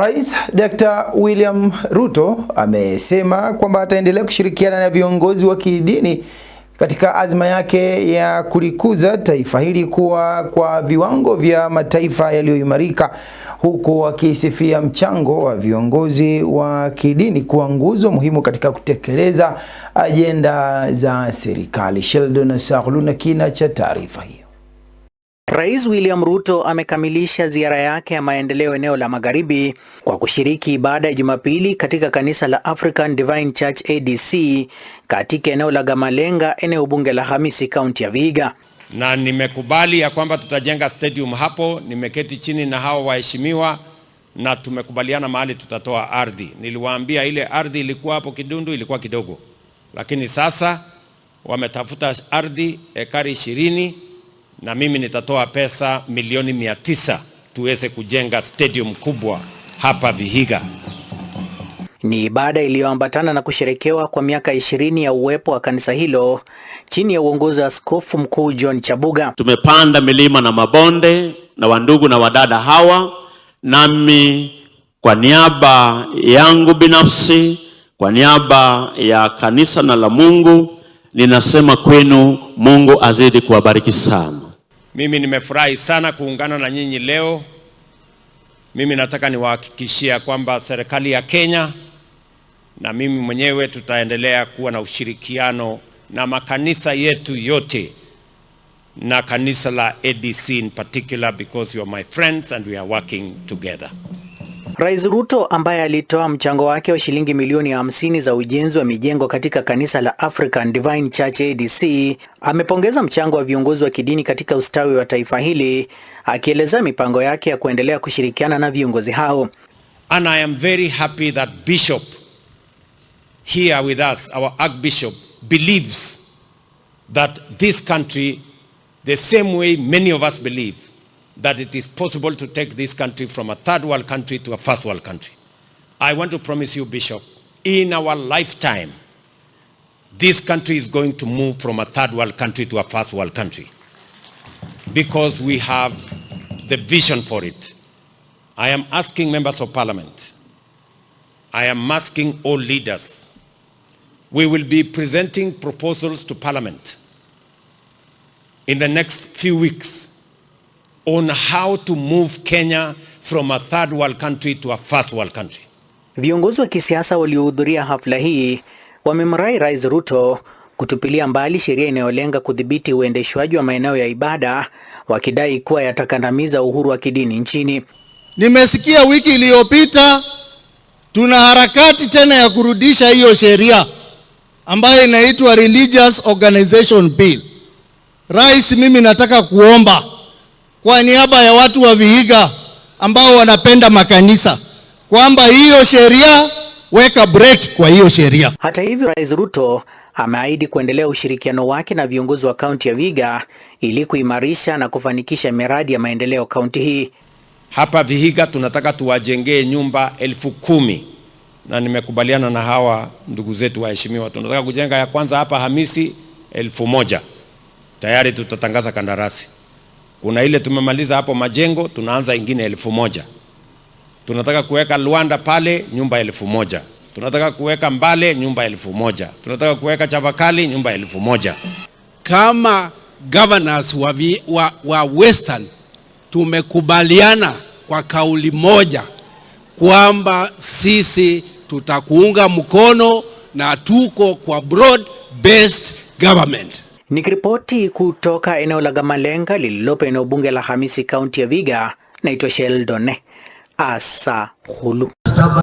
Rais Dr. William Ruto amesema kwamba ataendelea kushirikiana na viongozi wa kidini katika azma yake ya kulikuza taifa hili kuwa kwa viwango vya mataifa yaliyoimarika, huku akisifia mchango wa viongozi wa kidini kuwa nguzo muhimu katika kutekeleza ajenda za serikali. Sheldon na kina cha taarifa hiyo. Rais William Ruto amekamilisha ziara yake ya maendeleo eneo la Magharibi kwa kushiriki ibada ya Jumapili katika kanisa la African Divine Church ADC katika eneo la Gamalenga, eneo bunge la Hamisi, kaunti ya Vihiga. Na nimekubali ya kwamba tutajenga stadium hapo. Nimeketi chini na hao waheshimiwa na tumekubaliana mahali tutatoa ardhi. Niliwaambia ile ardhi ilikuwa hapo Kidundu ilikuwa kidogo, lakini sasa wametafuta ardhi ekari ishirini na mimi nitatoa pesa milioni mia tisa tuweze kujenga stadium kubwa hapa Vihiga. Ni ibada iliyoambatana na kusherekewa kwa miaka ishirini ya uwepo wa kanisa hilo chini ya uongozi wa Askofu Mkuu John Chabuga. Tumepanda milima na mabonde na wandugu na wadada hawa, nami kwa niaba yangu binafsi, kwa niaba ya kanisa na la Mungu, ninasema kwenu Mungu azidi kuwabariki sana. Mimi nimefurahi sana kuungana na nyinyi leo. Mimi nataka niwahakikishia kwamba serikali ya Kenya na mimi mwenyewe tutaendelea kuwa na ushirikiano na makanisa yetu yote na kanisa la ADC in particular because you are my friends and we are working together. Rais Ruto ambaye alitoa mchango wake wa shilingi milioni hamsini za ujenzi wa mijengo katika kanisa la African Divine Church ADC amepongeza mchango wa viongozi wa kidini katika ustawi wa taifa hili, akielezea mipango yake ya kuendelea kushirikiana na viongozi hao. And I am very happy that Bishop here with us, our Archbishop believes that this country the same way many of us believe that it is possible to take this country from a third world country to a first world country. I want to promise you, Bishop, in our lifetime, this country is going to move from a third world country to a first world country because we have the vision for it. I am asking members of parliament, I am asking all leaders, we will be presenting proposals to parliament in the next few weeks on how to move Kenya from a third world country to a first world country. Viongozi wa kisiasa waliohudhuria hafla hii wamemrai Rais Ruto kutupilia mbali sheria inayolenga kudhibiti uendeshwaji wa maeneo ya ibada wakidai kuwa yatakandamiza uhuru wa kidini nchini. Nimesikia wiki iliyopita tuna harakati tena ya kurudisha hiyo sheria ambayo inaitwa Religious Organization Bill. Rais, mimi nataka kuomba kwa niaba ya watu wa Vihiga ambao wanapenda makanisa kwamba hiyo sheria weka break kwa hiyo sheria. Hata hivyo, Rais Ruto ameahidi kuendelea ushirikiano wake na viongozi wa kaunti ya Vihiga ili kuimarisha na kufanikisha miradi ya maendeleo kaunti hii. Hapa Vihiga tunataka tuwajengee nyumba elfu kumi na nimekubaliana na hawa ndugu zetu waheshimiwa, tunataka kujenga ya kwanza hapa Hamisi elfu moja tayari tutatangaza kandarasi. Kuna ile tumemaliza hapo majengo, tunaanza ingine elfu moja. Tunataka kuweka Luanda pale nyumba elfu moja. Tunataka kuweka Mbale nyumba elfu moja. Tunataka kuweka Chavakali nyumba elfu moja. Kama governors wa, vi, wa, wa Western tumekubaliana kwa kauli moja kwamba sisi tutakuunga mkono na tuko kwa broad based government. Nikiripoti kutoka eneo la Gamalenga lililopo eneo bunge la Hamisi, kaunti ya Viga, naitwa Sheldon Asa Hulu.